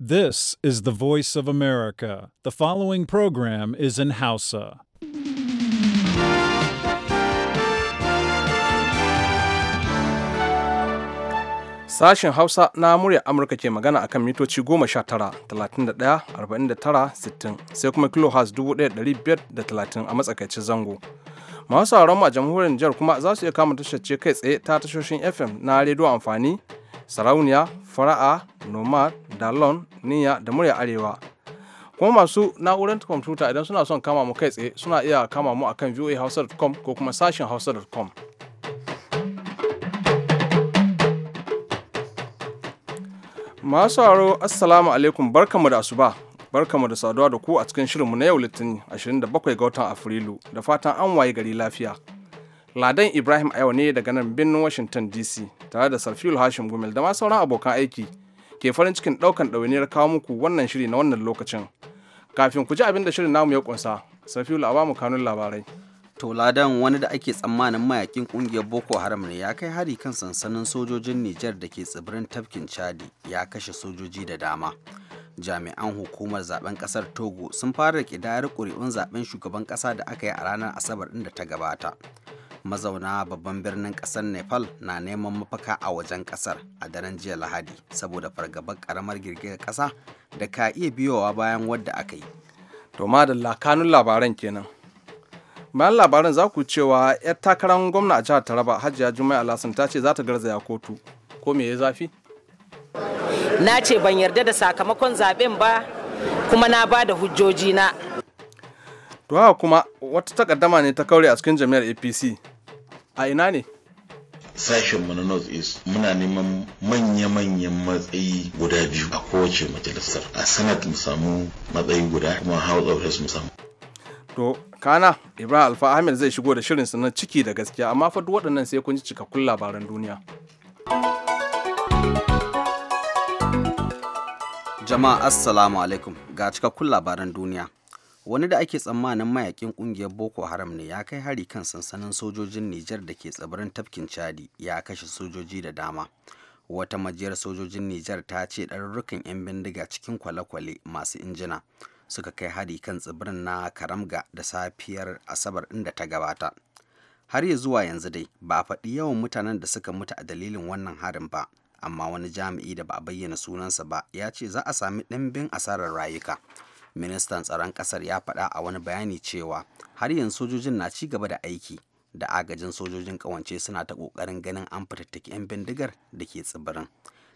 This is the voice of America. The following program is in Hausa. Sashen Hausa na murya Amurka ke magana akan mitoci 19, 31, 49, 60 sai kuma kilohertz 1530 a matsakaicin zango. Masu sauran a jamhuriyar Nijar kuma za su iya kama tashar kai tsaye ta tashoshin FM na rediyo amfani sarauniya fara'a nomad dalon niya da murya arewa kuma masu na'urar kwamfuta idan suna son kama mu kai tsaye suna iya kama mu akan voahausa.com ko kuma sashen hausa.com masu haro assalamu alaikum barkamu da asuba barkamu da saduwa da ku a cikin shirinmu na yau litinin 27 ga watan afrilu da fatan an waye gari lafiya Ladan Ibrahim a yau ne daga nan birnin Washington DC tare da Sarfil Hashim Gumel da ma sauran abokan aiki ke farin cikin ɗaukan ɗawainiyar kawo muku wannan shiri na wannan lokacin. Kafin ku ji abin da shirin namu ya kunsa, Sarfil a bamu kanun labarai. To Ladan wani da ake tsammanin mayakin kungiyar Boko Haram ne ya kai hari kan sansanin sojojin Nijar da ke tsibirin tafkin Chadi ya kashe sojoji da dama. jami'an hukumar zaben kasar togo sun fara kidayar kuri'un zaben shugaban kasa da aka yi a ranar asabar ɗin da ta gabata mazauna babban birnin ƙasar nepal na neman mafaka a wajen ƙasar a daren jiya lahadi saboda fargabar ƙaramar girgizar ƙasa da ka iya biyowa bayan wadda aka yi to madalla kanun labaran kenan bayan labaran za ku cewa 'yar takarar gwamna a jihar taraba hajiya juma'a alhassan ta ce za ta garzaya kotu ko me ya zafi na ce ban yarda da sakamakon zaben ba kuma na ba da na. to haka kuma wata takaddama ne ta kaure a cikin jami'ar apc a ina ne sashen na north east muna neman manya-manyan matsayi guda biyu a kowace majalisar a senate mu samu matsayi guda kuma house of reps mu samu to kana ibrahim alfa ahmed zai shigo da shirin sunan ciki da gaskiya amma fa duk waɗannan sai kun ji cikakkun labaran duniya jama'a assalamu alaikum ga cikakkun labaran duniya wani da ake tsammanin mayakin kungiyar boko haram ne ya kai hari kan sansanin sojojin nijar da ke tsibirin tafkin chadi ya kashe sojoji da dama wata majiyar sojojin nijar ta ce ɗarurrukan 'yan bindiga cikin kwale-kwale masu injina suka kai hari kan tsibirin na karamga da safiyar asabar inda ta gabata har ya zuwa yanzu dai ba a faɗi yawan mutanen da suka mutu a dalilin wannan harin ba amma wani jami'i da ba a bayyana sunansa ba ya ce za a sami ɗimbin asarar rayuka ministan tsaron kasar ya faɗa a wani bayani cewa har yanzu sojojin na ci gaba da aiki da agajin sojojin kawance suna ta ƙoƙarin ganin an fitattaki 'yan bindigar da ke tsibirin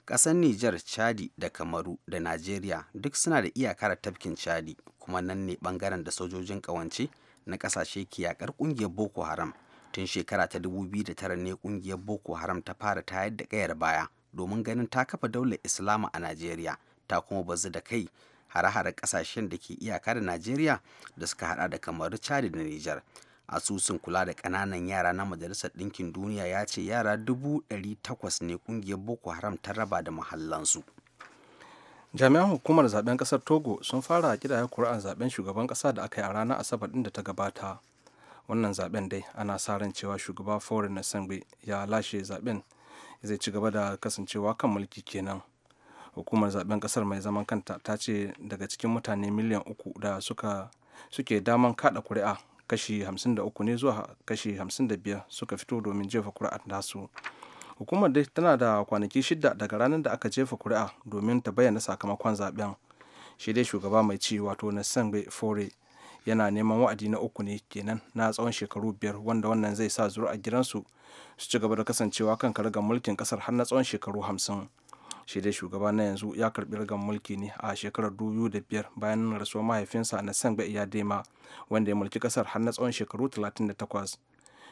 ƙasar Nijar, Chadi da Kamaru da Najeriya duk suna da iyakar tafkin Chadi kuma nan ne ɓangaren da sojojin ƙawance na ƙasashe ke yakar ƙungiyar Boko Haram. Tun shekara ta 2009 ne ƙungiyar Boko Haram ta fara tayar da ƙayar baya domin ganin ta kafa daular Islama a Najeriya ta kuma bazu da kai hare-hare kasashen da ke iyaka da najeriya da suka hada da kamar chad da niger asusun kula da kananan yara na majalisar ɗinkin duniya ya ce yara dubu ɗari takwas ne kungiyar boko haram ta raba da mahallansu jami'an hukumar zaben ƙasar togo sun fara a kidaya kuri'ar zaben shugaban ƙasa da aka yi a ranar asabar ɗin da ta gabata wannan zaben dai ana sa ran cewa shugaba foreign Assembly ya lashe zaben zai ci gaba da kasancewa kan mulki kenan hukumar zaben kasar mai zaman kanta ta ce daga cikin mutane miliyan uku da suka suke daman kada kuri'a kashi 53 ne zuwa kashi 55 suka fito domin jefa kuri'ar nasu hukumar dai tana da kwanaki shida daga ranar da aka jefa kuri'a domin ta bayyana sakamakon zaben shi dai shugaba mai ci wato na sangbe fore yana neman wa'adi na uku ne kenan na tsawon shekaru biyar wanda wannan zai sa a gidansu su ci gaba da kasancewa kan karagar mulkin kasar har na tsawon shekaru hamsin shi dai shugaba na yanzu ya karbi ragan mulki ne a shekarar 2005 bayan rasuwar mahaifinsa na sangba dema wanda ya mulki kasar har na tsawon shekaru 38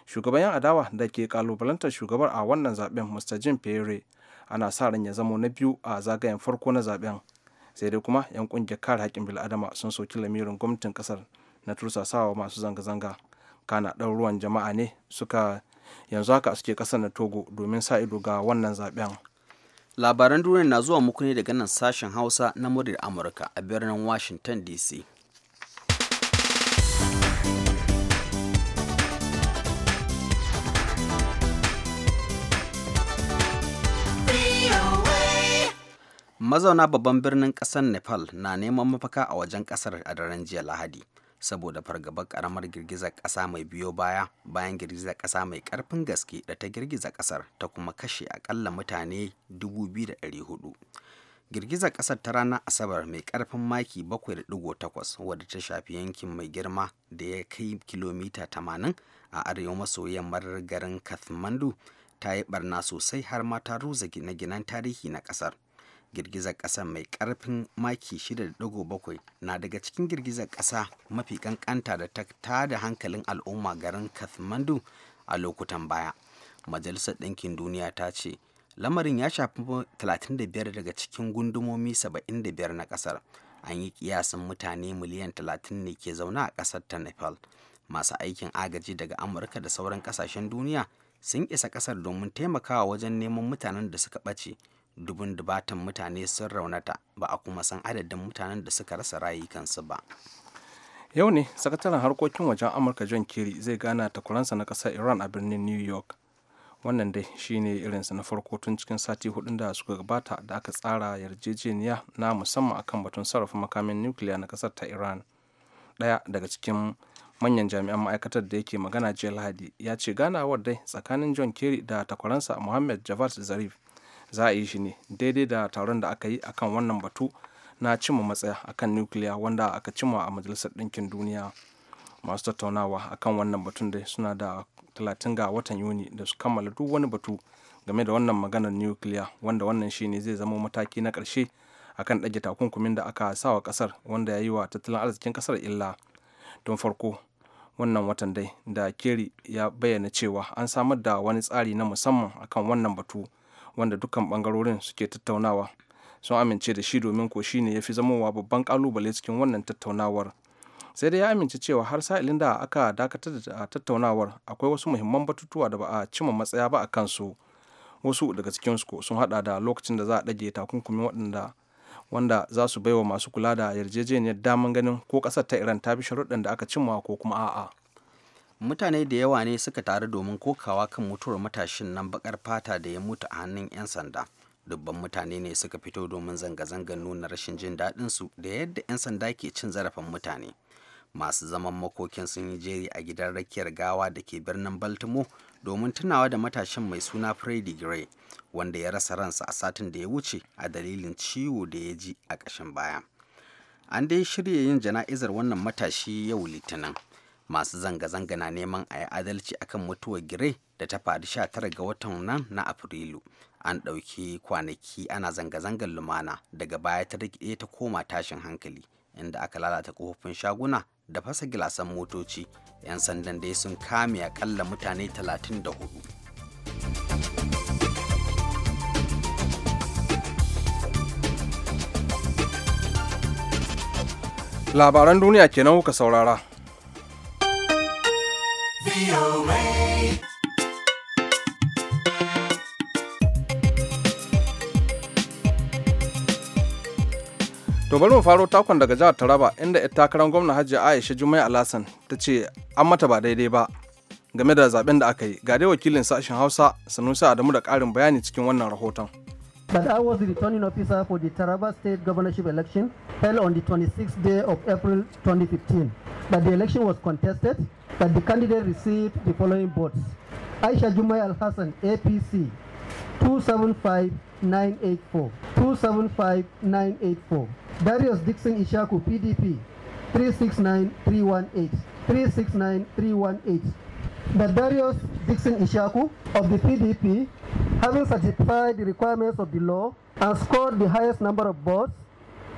shugaban yan adawa da ke kalubalantar shugabar a wannan zaben mr jim fere ana sa ran ya zamo na biyu a zagayen farko na zaben sai dai kuma yan kungiyar kare haƙƙin bil'adama sun soki lamirin gwamnatin kasar na tursasawa masu zanga-zanga kana ɗan ruwan jama'a ne suka yanzu haka suke ƙasar na togo domin sa ido ga wannan zaben labaran duniya na zuwa muku ne daga nan sashen hausa na muryar amurka a birnin washington dc mazauna babban birnin ƙasar nepal na neman mafaka a wajen ƙasar a daren jiya lahadi saboda fargabar karamar girgizar ƙasa mai biyo baya bayan girgizar ƙasa mai ƙarfin gaske da ta girgiza ƙasar ta kuma kashe akalla mutane 2,400 girgizar ƙasar ta ranar asabar mai ƙarfin maki 7.8 wadda ta shafi yankin mai girma da ya kai kilomita 80 a arewa maso yammar garin kathmandu ta yi barna sosai har ma ta ruza gine-ginen tarihi na ƙasar girgizar ƙasa mai ƙarfin maki 6.7 na daga cikin girgizar ƙasa mafi ƙanƙanta da ta tada hankalin al'umma garin kathmandu a lokutan baya majalisar ɗinkin duniya ta ce lamarin ya shafi 35 daga cikin gundumomi 75 na ƙasar an yi kiyasin mutane miliyan 30 ne ke zaune a ƙasar ta nepal masu aikin agaji daga amurka da sauran ƙasashen duniya sun isa ƙasar domin taimakawa wajen neman mutanen da suka ɓace dubun dubatan mutane sun raunata ba a kuma san adadin mutanen da suka rasa rayukansu ba yau ne sakataren harkokin wajen amurka john kerry zai gana takuransa na ƙasar iran a birnin new york wannan dai shine irinsa na farko tun cikin sati hudun da suka gabata da aka tsara yarjejeniya na musamman akan batun sarrafa makamin nukiliya na kasar ta iran ɗaya daga cikin manyan jami'an ma'aikatar da yake magana jiya lahadi ya ce ganawar dai tsakanin john kerry da takwaransa mohammed javad zarif za a yi shi ne daidai da taron da aka yi akan wannan batu na cimma matsaya akan nukiliya wanda aka cimma a majalisar ɗinkin duniya masu tattaunawa akan wannan batun dai suna da talatin ga watan yuni da su kammala duk wani batu game da wannan maganar nukiliya wanda wannan shi ne zai zama mataki na ƙarshe akan ɗage takunkumin da aka sa wa ƙasar wanda ya yi wa tattalin arzikin ƙasar illa don farko wannan watan dai da keri ya bayyana cewa an samar da wani tsari na musamman akan wannan batu wanda dukkan bangarorin suke tattaunawa sun amince da shi domin ko shi ne ya fi zamowa babban kalubale cikin wannan tattaunawar sai dai ya amince cewa har sa'ilin da aka dakatar da tattaunawar akwai wasu muhimman batutuwa da ba a cima matsaya ba a kansu wasu daga cikinsu sun hada da lokacin da za a dage takunkumin waɗanda wanda za su baiwa masu kula da yarjejeniyar daman ganin ko ƙasar ta iran ta bi sharuɗɗan da aka cimma ko kuma a'a. mutane da yawa ne suka taru domin kokawa kan mutuwar matashin nan bakar fata da ya mutu a hannun 'yan sanda dubban mutane ne suka fito domin zanga-zangar nuna rashin jin daɗinsu da yadda 'yan sanda ke cin zarafin mutane masu zaman makokin sun yi jeri a gidan rakiyar gawa da ke birnin Baltimo domin tunawa da matashin mai suna freddy gray wanda ya rasa ransa a satin da ya wuce a dalilin ciwo da ya ji a ƙashin baya an dai shirya yin jana'izar wannan matashi yau litinin masu zanga-zanga na neman a yi adalci akan mutuwar gire da ta faru 19 ga watan nan na afrilu an ɗauki kwanaki ana zanga-zangar lumana daga baya ta rike ta koma tashin hankali inda aka lalata kofofin shaguna da fasa gilasan motoci 'yan sandan dai sun kame akalla mutane 34 labaran duniya kenan kuka saurara To bari mu faro takon daga jihar Taraba inda ita takarar gwamna Hajji Aisha Jumai Alasan ta ce an mata ba daidai ba game da zaben da aka yi. Ga dai wakilin sashen Hausa Sanusi Adamu da ƙarin bayani cikin wannan rahoton. But I was the returning officer for the Taraba state governorship election held on the 26th day of April 2015. But the election was contested that the candidate received the following votes. Aisha Jumai Al-Hassan, APC, 275984, 275984. Darius Dixon Ishaku, PDP, 369318, 369318. That Darius Dixon Ishaku of the PDP, having satisfied the requirements of the law and scored the highest number of votes,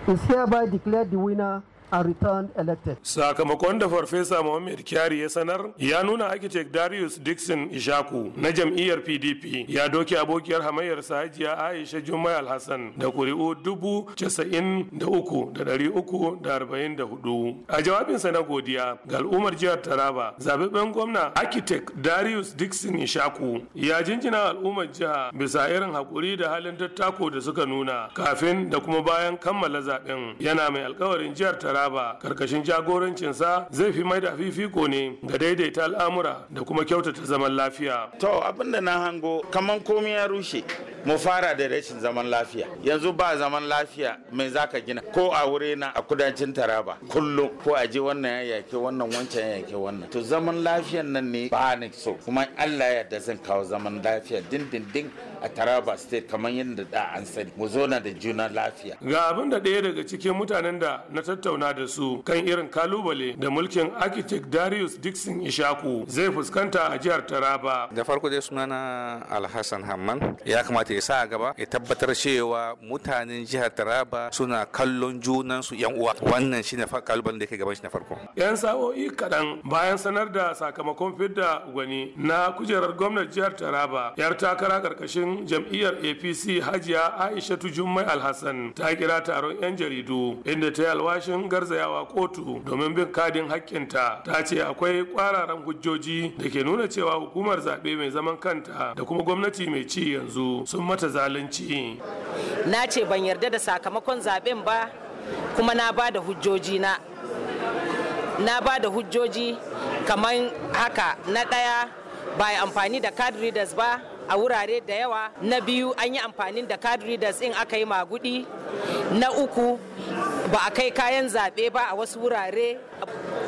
is hereby declared the winner and returned elected. Sakamakon da Farfesa Muhammad Kyari ya sanar ya nuna architect Darius Dixon Ishaku na jam'iyyar PDP ya doke abokiyar hamayyar Hajiya Aisha Jummai Alhassan da kuri'u dubu casa'in da uku da ɗari uku da arba'in da hudu. A jawabinsa na godiya ga al'ummar jihar Taraba zababben gwamna architect Darius Dixon Ishaku ya jinjina al'ummar jiha bisa irin haƙuri da halin tattako da suka nuna kafin da kuma bayan kammala zaben yana mai alkawarin jihar Taraba ba karkashin jagorancinsa zai fi mai da fifiko ne ga daidaita al'amura da kuma kyautata zaman lafiya to abin da na hango kaman komai ya rushe mu fara da rashin zaman lafiya yanzu ba zaman lafiya mai zaka gina ko a wuri na a kudancin taraba kullum ko a je wannan ya wannan wancan ya wannan to zaman lafiyan nan ne ba ni so kuma allah ya da zan kawo zaman lafiya dindindin a Taraba State kamar yadda da an sani mu na da juna lafiya. Ga abin da ɗaya daga cikin mutanen da na tattauna da su kan irin kalubale da mulkin architect Darius Dixon Ishaku zai fuskanta a jihar Taraba. Da farko dai sunana Alhassan Hamman ya kamata ya sa gaba ya tabbatar cewa mutanen jihar Taraba suna kallon junansu yan uwa wannan shine kalubalen da yake gaban shi na farko. Yan sa'o'i kaɗan bayan sanar da sakamakon fidda gwani na kujerar gwamnatin jihar Taraba yar takara karkashin jam'iyyar apc hajiya Aisha jummai alhassan ta kira taron 'yan jaridu inda ta yi alwashin garzayawa kotu domin bin kadin hakkinta ta ce akwai kwararan hujjoji da ke nuna cewa hukumar zaɓe mai zaman kanta da kuma gwamnati mai ci yanzu sun mata zalunci na ce ban yarda da sakamakon zaɓen ba kuma na ba da hujjoji na na ba da hujjoji kamar haka na ɗaya ba amfani da card readers ba a wurare da yawa na biyu an yi amfani da card readers in aka yi magudi na uku ba a kai kayan zaɓe ba a wasu wurare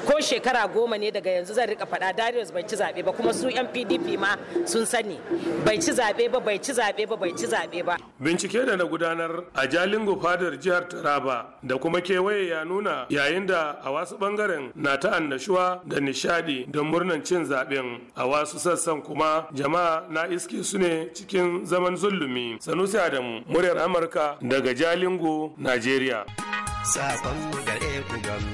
ko shekara goma ne daga yanzu zan rika faɗa Darius bai ci zaɓe ba kuma su 'yan PDP ma sun sani bai ci zaɓe ba bai ci zaɓe ba bai ci zaɓe ba. Bincike da na gudanar a Jalingo fadar jihar Taraba da kuma kewaye ya nuna yayin da a wasu bangaren na ta annashuwa da nishadi don murnan cin zaɓen a wasu sassan kuma jama'a na iske su ne cikin zaman zulumi. Sanusi Adamu muryar Amurka daga Jalingo, Najeriya. Sakon gare ku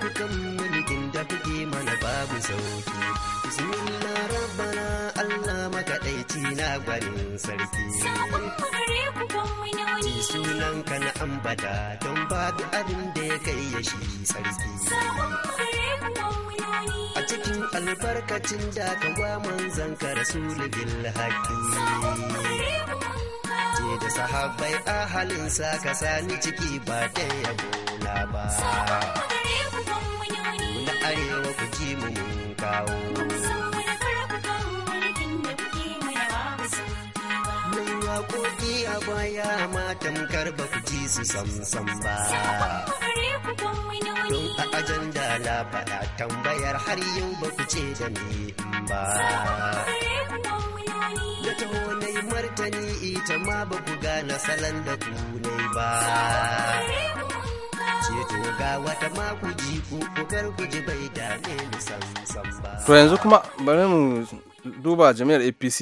kutan mulkin da fike mana babu sauki bismillah rabbana allah makaɗaici na gwanin sarki sunan ka na ambata don babu abin da ya kai ya shi sarki a cikin albarkacin da ka wa manzan ka rasulu bil haƙi da sahabbai sa, ka sani ciki ba da yabo ba. ya ma tamkar ba ku ji su samsam ba. Don a ajanda na faɗa tambayar har yau ba ku ce da ni ba. Da ta na martani ita ma ba ku gane salon da ku nai ba. To yanzu kuma bari mu duba jami'ar APC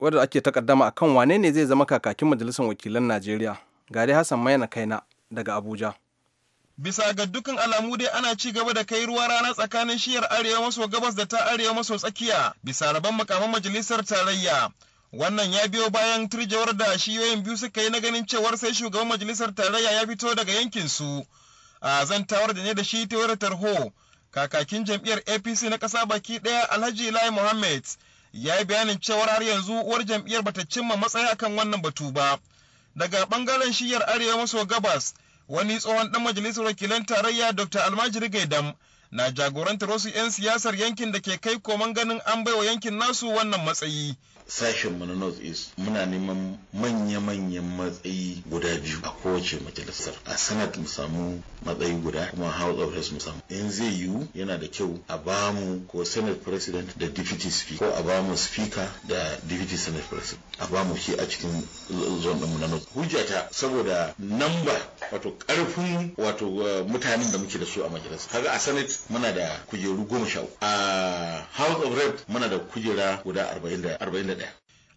wadda ake takaddama a kan wane ne zai zama kakakin majalisar wakilan najeriya gari hassan kai na daga abuja bisa ga dukkan alamu dai ana ci gaba da kai ruwa rana tsakanin shiyar arewa maso gabas da ta arewa maso tsakiya bisa rabon makaman majalisar tarayya wannan ya biyo bayan turjewar da shiyoyin biyu suka yi na ganin cewar sai shugaban majalisar tarayya ya fito daga yankin su a zantawar da ne da shi ta tarho kakakin jam'iyyar apc na ƙasa baki ɗaya alhaji lai mohammed ya yi bayanin cewar har yanzu uwar jam'iyyar bata cimma matsaya akan wannan batu ba daga bangaren shiyar arewa maso gabas wani tsohon dan majalisar wakilan tarayya dr almajiri gaidam na jagorantar wasu 'yan siyasar yankin da ke kai koman ganin an baiwa yankin nasu wannan matsayi sashen mu na north east muna neman manya-manyan matsayi guda biyu a kowace majalisar a senate mu samu matsayi guda kuma house of reps mu samu in zai yiwu yana da kyau a bamu ko senate president da deputy speaker ko a bamu speaker da deputy senate president a bamu shi a cikin zone mu na north hujjata saboda namba wato karfin wato eh, mutanen da muke da su a majalisar kaga a senate muna da kujeru goma sha uku a house of reps muna da kujera guda arba'in da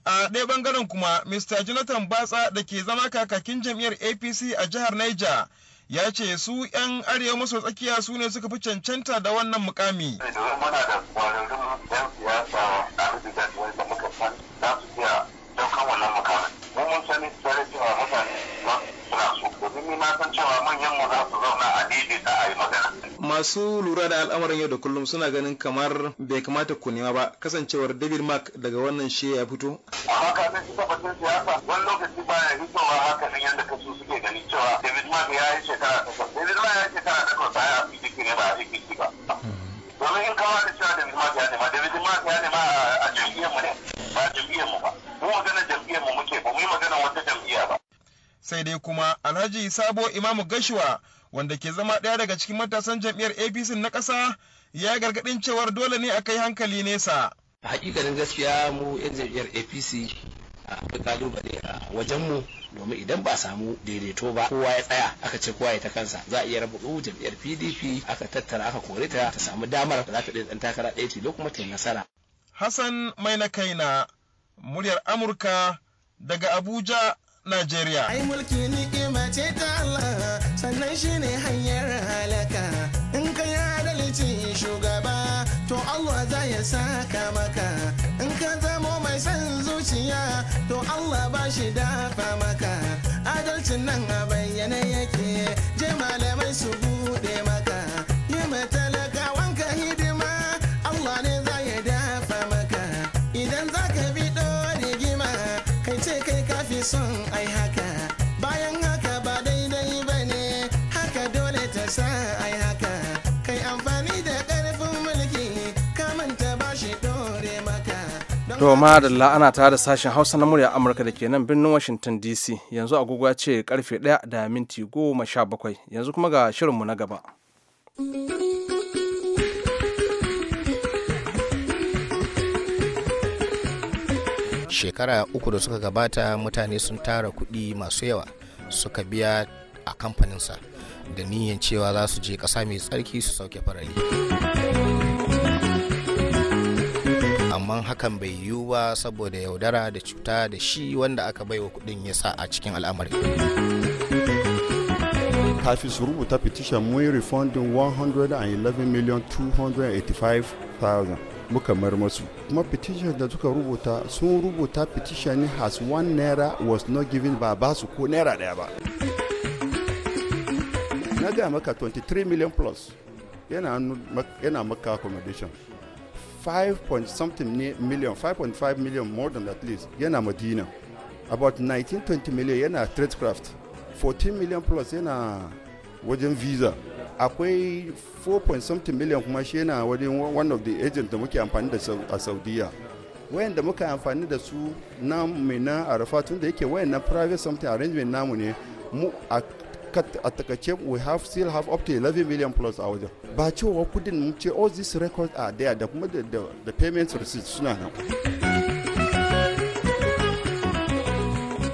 a ɗaya bangaren kuma mr jonathan batsa da ke zama kakakin jam'iyyar apc a jihar niger ya ce su 'yan arewa maso tsakiya su ne suka fi cancanta da wannan mukami mun sani cewa mutane suna so domin ni na san cewa manyan daidaita a yi magana. Masu lura da al'amarin yau da kullum suna ganin kamar bai kamata ku nema ba kasancewar David Mark daga wannan shi ya fito. Amma ka san shi tabbacin siyasa wani lokaci baya ba haka nan yadda kasu suke ganin cewa David Mark ya yi shekara takwas. David Mark ya yi shekara takwas ba ya fi jiki ne ba a jiki ba. Domin in kawo da cewa David Mark ya nema, David Mark ya nema a jam'iyyar mu ne ba jam'iyyar mu ba. Mu magana jam'iyyar mu muke ba mu yi magana wata jam'iyya ba. Sai dai kuma Alhaji Sabo Imamu Gashuwa wanda ke zama ɗaya daga cikin matasan jam'iyyar apc na ƙasa ya gargaɗin cewar dole ne a kai hankali nesa A hakikalin gaskiya mu yan jam'iyyar apc akwai kalubale a wajen mu domin idan ba samu daidaito ba kowa ya tsaya aka ce kowa ya ta kansa za a iya raba jam'iyyar pdp aka tattara aka kore ta ta samu damar da za ta ɗan takara ɗaya tilo kuma ta yi nasara hassan mai na kaina muryar amurka daga abuja Najeriya. ai mulki ni mace ta allah sannan shi ne hanyar halaka in ka yi adalci shugaba to Allah za ya saka maka in ka zamo mai son zuciya to Allah ba shi dafa maka adalcin nan a bayyane yake je malamai su To da ana tare da sashen Hausa na murya Amurka da ke nan birnin Washington DC yanzu agogo ya ce karfe 1 da minti 17 yanzu kuma ga shirin mu na gaba. Shekara uku da suka gabata mutane sun tara kuɗi masu yawa suka biya a kamfaninsa da niyyar cewa za su je ƙasa mai tsarki su sauke farali. amma hakan bai yiwu ba saboda yaudara da cuta da shi wanda aka baiwa kuɗin ya sa a cikin al'amari. kafin su rubuta petition mun refunding 285,000 muka mar masu kuma petition da suka rubuta sun rubuta petition ne has one naira was not given ba ba su ko naira daya ba na gaya maka 23 million plus yana maka accommodation Five point something million 5.5 million more than at least yana madina about 19-20 million yana tradecraft 14 million plus yana wajen visa akwai 4 point something million kuma shi yana wajen one of the agent da muke amfani da a saudiya wayanda muka amfani da su na mina arafa tun da yake wayannan private something arrangement namu ne mu cut a takaice we have still have up to 11 million plus a wajen ba cewa kudin mun ce all these records are there da kuma the payment receipts suna nan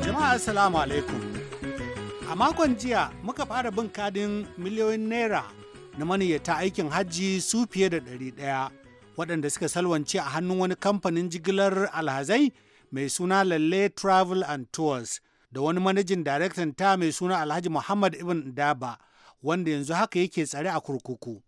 jama'a assalamu alaikum a makon jiya muka fara bin kadin miliyoyin naira na maniyyata aikin hajji su fiye da ɗari ɗaya waɗanda suka salwance a hannun wani kamfanin jigilar alhazai mai suna lalle travel and tours da wani manajin daraktan ta mai suna Alhaji Muhammad Ibn Daba wanda yanzu haka yake tsare a kurkuku.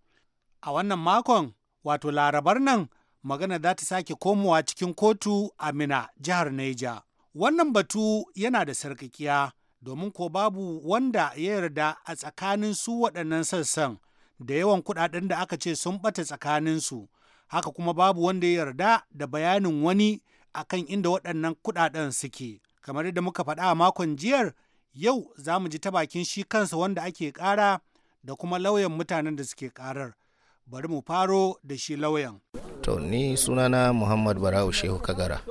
A wannan makon, wato larabar nan, magana za ta sake komowa cikin kotu a Mina, jihar Neja. Wannan batu yana da sarkakiya domin ko babu wanda ya yarda a tsakanin su waɗannan sassan da yawan kuɗaɗen da aka ce sun ɓata tsakanin su Haka kuma babu wanda ya yarda da bayanin wani akan inda waɗannan kuɗaɗen suke. Kamar yadda muka faɗa a makon jiyar, yau za mu ji ta bakin shi kansa wanda ake ƙara da kuma lauyan mutanen da suke ƙarar. Bari mu faro da shi lauyan. To ni sunana Muhammad Barau Shehu Kagara.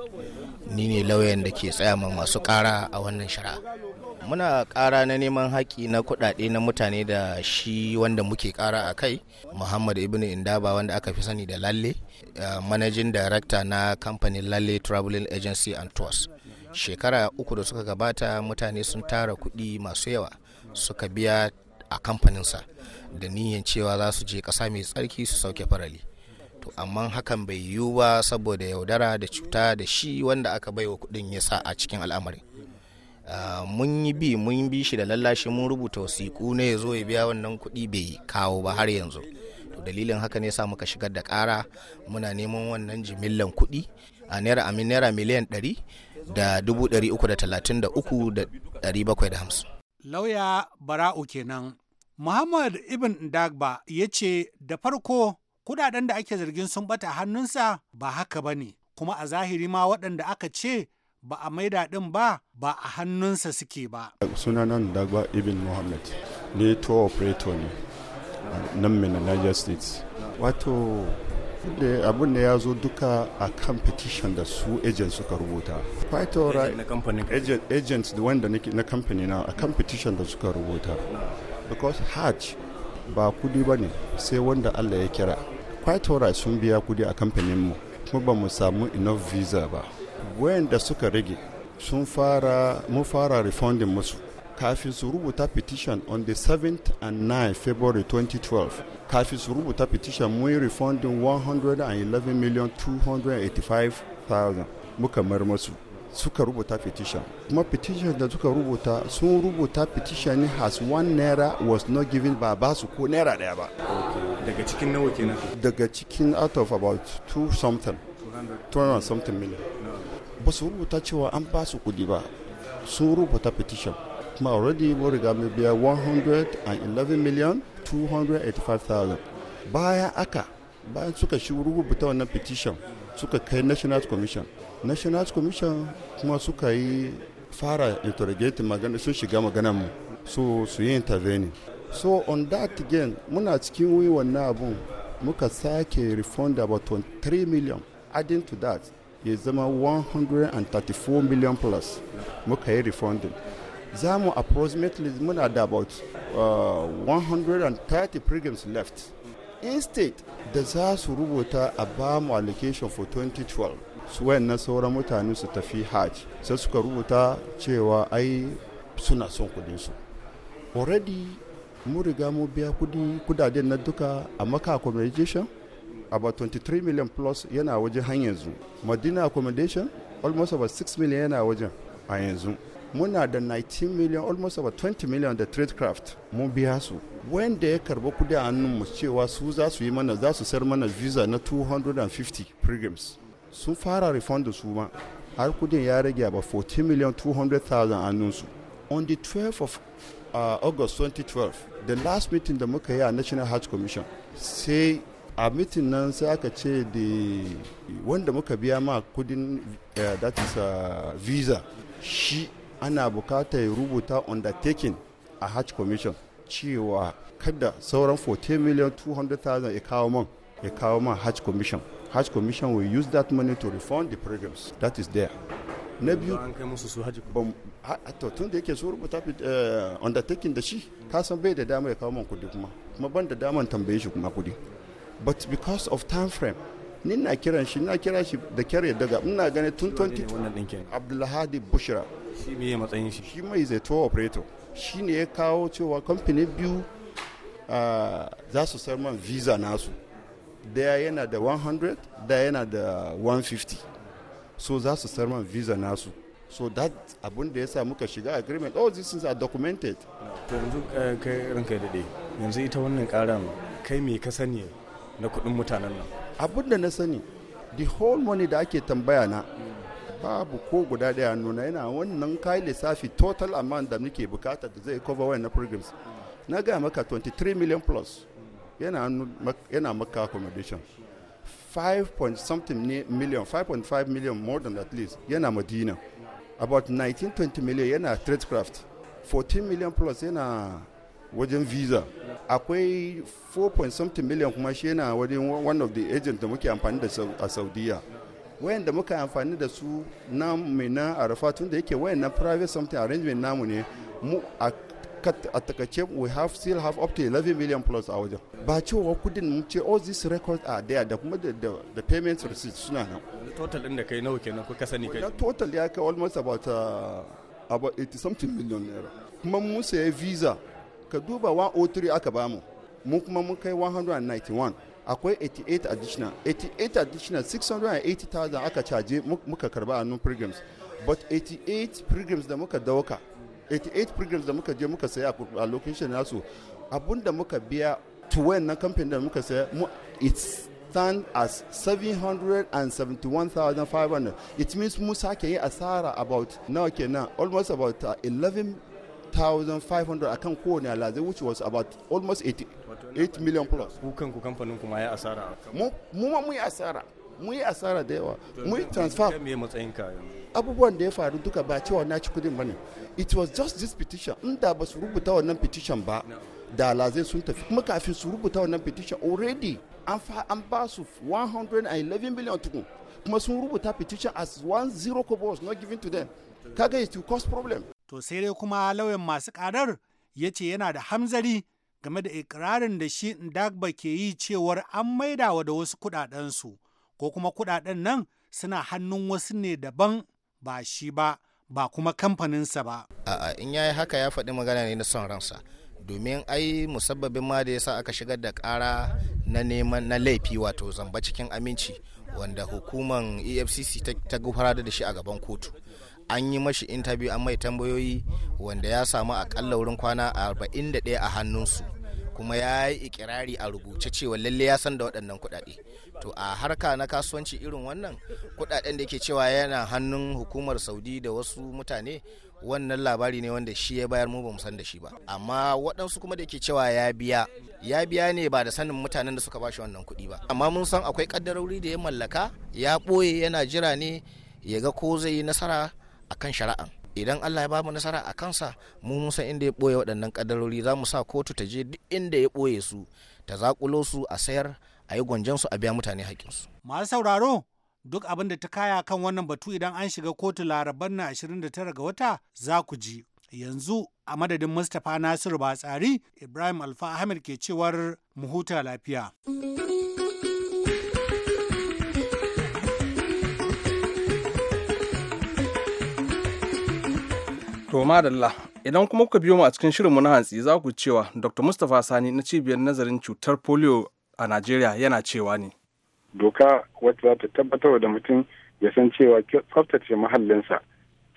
Ni ne lauyan da ke tsaya ma masu ƙara a wannan shari'a. Muna ƙara na neman haƙƙi na kuɗaɗe na mutane da shi wanda muke ƙara a kai, Muhammad Ibn Indaba wanda aka fi sani da Lalle, eh, managing director na kamfanin Lalle Traveling Agency and Tours. shekara uku da suka gabata mutane sun tara kuɗi masu yawa suka biya a kamfaninsa da niyan cewa za su je ƙasa mai tsarki su sauke farali to amma hakan bai yiwu ba saboda yaudara da cuta da shi wanda aka baiwa kuɗin ya sa a cikin al'amarin ah, mun yi bi mun yi bi shi da lallashi mun rubuta wasiƙu ne ya zo ya biya wannan kuɗi bai kawo ba har yanzu to dalilin haka ne sa muka shigar da ƙara muna neman wannan jimillan kuɗi a naira amin naira miliyan ɗari da 333,750. Lauya Bara'u kenan. Muhammad Ibn Dagba ya ce da farko kudaden da ake zargin sun bata hannunsa ba haka ba ne, kuma a zahiri ma waɗanda aka ce ba a maida ɗin ba ba a hannunsa suke ba. Sunanan Dagba Ibn Muhammad ne tour operator ne uh, nan Niger State. Wato abin da ya zo duka a kan petition da su agent suka rubuta fighter da wanda na kamfani na a kan petition da suka rubuta because hajj ba kudi ba ne sai wanda allah ya kira fighter sun biya kudi a kamfanin mu kuma ba mu samu enough visa ba wayanda suka rage sun fara mu fara refunding musu kafin su rubuta petition on the 7th and 9 february 2012 kafin su rubuta petition mun refunding thousand. muka mar masu suka rubuta petition kuma petition da suka rubuta sun rubuta petition ne has one naira was not given ba ba su ko naira daya ba daga cikin nawa kenan daga cikin out of about two something 200 something million ba su rubuta cewa an ba su kudi ba sun rubuta petition kuma already mun riga 111 million 285,000. bayan aka bayan suka shi rubuta wannan petition suka kai national commission national commission kuma suka yi fara interrogating magana sun shiga magana mu so su yi intervening so on that again muna cikin wuyi wannan abun muka sake refund about 23 million adding to that ya zama 134 million plus muka yi refunding za mu approximately muna da about uh, 130 programs left instead da za su rubuta a ba mu allocation for 2012 su na sauran mutane su tafi hajj sai suka rubuta cewa ai suna son kudinsu already mu riga mu biya kudi kudaden na duka a maka accommodation about 23 million plus yana wajen har yanzu madina accommodation almost about 6 million yana wajen a yanzu muna da 19 million almost about 20 million da tradecraft mun biya su wanda ya karba kudi a mu cewa su za su yi mana za su sayar mana visa na 250 pilgrims sun fara refund da su ma har kudin ya rage ba 14 million 200,000 hannunsu on the 12th of uh, august 2012 the last meeting da muka yi a national health commission sai a mitin nan sai aka ce da wanda muka biya ma kudin uh, that is uh, visa shi ana bukatar rubuta undertaking a hatch commission cewa kada sauran 14 million 200,000 ya kawo man ya kawo man hatch commission hatch commission will use that money to refund the programs that is there na biyu an kai musu su haji to tun da yake su rubuta eh, undertaking da shi ka san bai da dama ya kawo man kudi kuma kuma ban da daman tambaye shi kuma kudi but because of time frame ni na kiran shi na kira shi da kyar ya daga ina gane tun 2020 abdulhadi bushra shi mai matsayin shi shi mai zai tour operator shi ne ya kawo cewa kamfani biyu ah, za su sayar man visa nasu daya yana da 100 daya yana da 150 so za su sayar man visa nasu so that abun da ya sa muka shiga agreement all these things are documented to yanzu eh, kai ranka ya dade yanzu ita wannan karan kai me ka sani na kudin mutanen nan abin da na sani the whole money da ake tambaya na babu ko guda daya nuna yana wannan kai lissafi total amount da muke bukata da zai cover wayan programs na gaya maka 23 million plus yana maka accommodation 5 point something million 5.5 million more than at least yana madina about 19 20 million yana tradecraft 14 million plus yana wajen visa akwai 4.7 million kuma shi yana wajen one of the agents da muke amfani da a saudiya wayan da muka amfani da su na na arafa tun da yake wayan na private something arrangement namu ne mu a a takace we have still have up to 11 million plus a wajen ba cewa kudin mu ce all these records are there da kuma da payment receipts suna nan total din da kai nawa kenan ku kasani. kai total ya kai almost about uh, about 80 something million naira kuma mu sai visa ka duba 103 aka bamu mun kuma mun kai 191 akwai 88 additional 88 additional 680,000 aka caje muka karba a nun programs but 88 programs da muka dauka 88 programs da muka je muka saya a location nasu da muka biya to when na kamfanin da muka saya it stand as 771,500 it means mu sake yi asara about nawa kenan almost about 11 uh, 1,500 kan kowane alazai which was about almost 8 million plus. Kukan ku kamfanin kuma ya asara. Mu ma mu yi asara. Mu yi asara da yawa. Mu yi transfer. Me matsayin ka Abubuwan da ya faru duka ba cewa na ci kudin bane. It was just this petition. Inda ba su rubuta wannan petition ba. Da alazai sun tafi. Kuma kafin su rubuta wannan petition already an ba su 111 million tukun. Kuma sun rubuta petition as one zero kobo was not given to them. kaga it will cause problem To sai dai kuma lauyan masu karar ya ce yana da hamzari game da ikirarin da shi Ndagba ke yi cewar an maida wa da wasu kudadensu ko kuma kudaden nan suna hannun wasu ne daban ba shi ba ba kuma kamfaninsa ba. A'a in ya yi haka ya faɗi magana ne na son ransa domin ai musabbabin ma da yasa aka shigar da ƙara na neman na laifi wato zamba cikin aminci wanda hukuman EFCC ta gufara da shi a gaban kotu. an yi mashi interview an mai tambayoyi wanda ya samu akalla wurin kwana 41 a hannunsu kuma ya yi ikirari a rubuce cewa lalle ya san da waɗannan kuɗaɗe to a harka na kasuwanci irin wannan kuɗaɗen da ke cewa yana hannun hukumar saudi da wasu mutane wannan labari ne wanda shi ya bayar mu ba san da shi ba amma waɗansu kuma da ke cewa ya biya ya biya ne ba da sanin mutanen da suka ba shi wannan kuɗi ba amma mun san akwai kaddarori da ya mallaka ya ɓoye yana jira ne ya ga ko zai yi nasara akan shari'an idan Allah ya bamu nasara a kansa mu mun inda ya boye waɗannan ƙadarori za mu sa kotu ta je duk inda ya boye su ta zakulo su a sayar a yi gwanjan su a biya mutane haƙƙinsu. masu sauraro duk abin da ta kaya kan wannan batu idan an shiga kotu laraban na tara ga wata za ku ji yanzu a madadin mustapha nasiru batsari ibrahim alfa ahmed ke cewar mu huta lafiya. To madalla idan kuma kuka biyo mu a cikin shirinmu na hantsi za ku cewa Dr. Mustapha Sani na cibiyar nazarin cutar polio a Najeriya yana cewa ne. Doka wacce za ta tabbatar da mutum ya san cewa tsaftace mahallinsa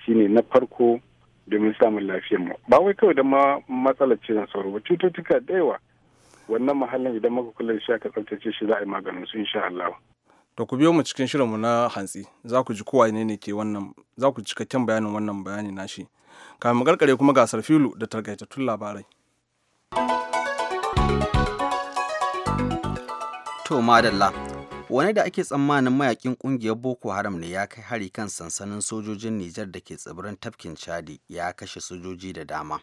shine na farko domin samun lafiyar mu. Ba wai kawai da ma matsalar cizon sauro ba cututtuka da yawa wannan mahallin idan muka kula da shi aka tsaftace shi za a yi maganin su insha Allah. To ku biyo mu cikin shirinmu na hantsi za ku ji kowa ne ne ke wannan za ku cikakken bayanin wannan bayani na shi. kamin karkare kuma gasar filu da targaitattun labarai to madalla wani da ake tsammanin mayakin kungiyar boko haram ne ya kai hari kan sansanin sojojin nijar da ke tsibirin tafkin chadi ya kashe sojoji da dama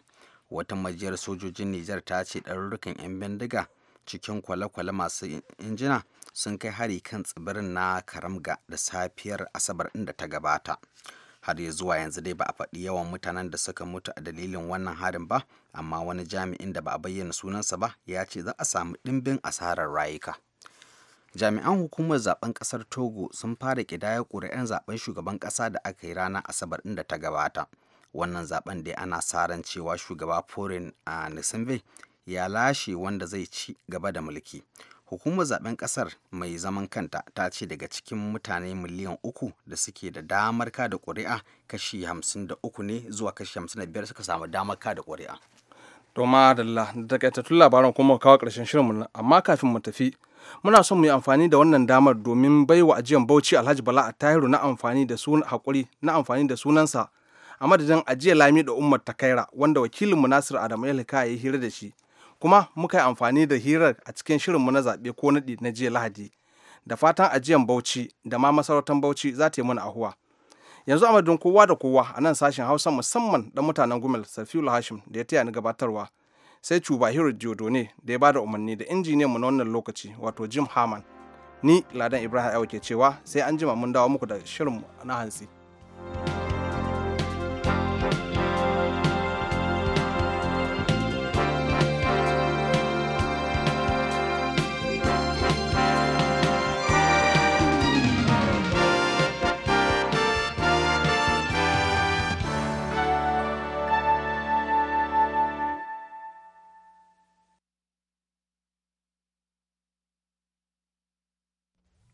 wata majiyar sojojin nijar ta ce ɗarurrukan 'yan bindiga cikin kwale-kwale masu injina sun kai hari kan tsibirin na karamga da safiyar asabar inda ta gabata har zuwa yanzu dai ba a faɗi yawan mutanen da suka mutu a dalilin wannan harin ba amma wani jami'in da ba a bayyana sunansa ba ya ce za a samu ɗimbin asarar rayuka jami'an hukumar zaben kasar togo sun fara ƙidaya ƙuri'ar zaben shugaban ƙasa da aka yi ranar asabar inda ta gabata wannan zaben dai ana sa ran cewa shugaba foreign a ah, ya lashe wanda zai ci gaba da mulki hukumar zaben kasar mai zaman kanta ta ce daga cikin mutane miliyan uku da suke da damar kada ƙuri'a kashi hamsin da uku ne zuwa kashi hamsin da biyar suka samu damar kada kuri'a. to madalla da takaitattun labaran kuma kawo ƙarshen shirinmu amma kafin mu tafi muna son mu yi amfani da wannan damar domin bai wa ajiyan bauchi alhaji bala a tahiru na amfani da sunan hakuri na amfani da sunansa a madadin ajiyar lami da ummar takaira wanda wakilinmu nasir adamu ya yi hira da shi kuma muka yi amfani da hirar a cikin shirinmu na zaɓe ko naɗi na jiya lahadi da fatan ajiyan bauchi da ma masarautar bauchi za ta yi mana ahuwa yanzu a kowa da kowa a nan sashen hausa musamman dan mutanen gumel safiul hashim da ya taya ni gabatarwa sai cuba hiro ne da ya ba da umarni da mu na wannan lokaci wato jim haman ni ladan ibrahim ke cewa sai an jima mun dawo muku da shirinmu na hantsi.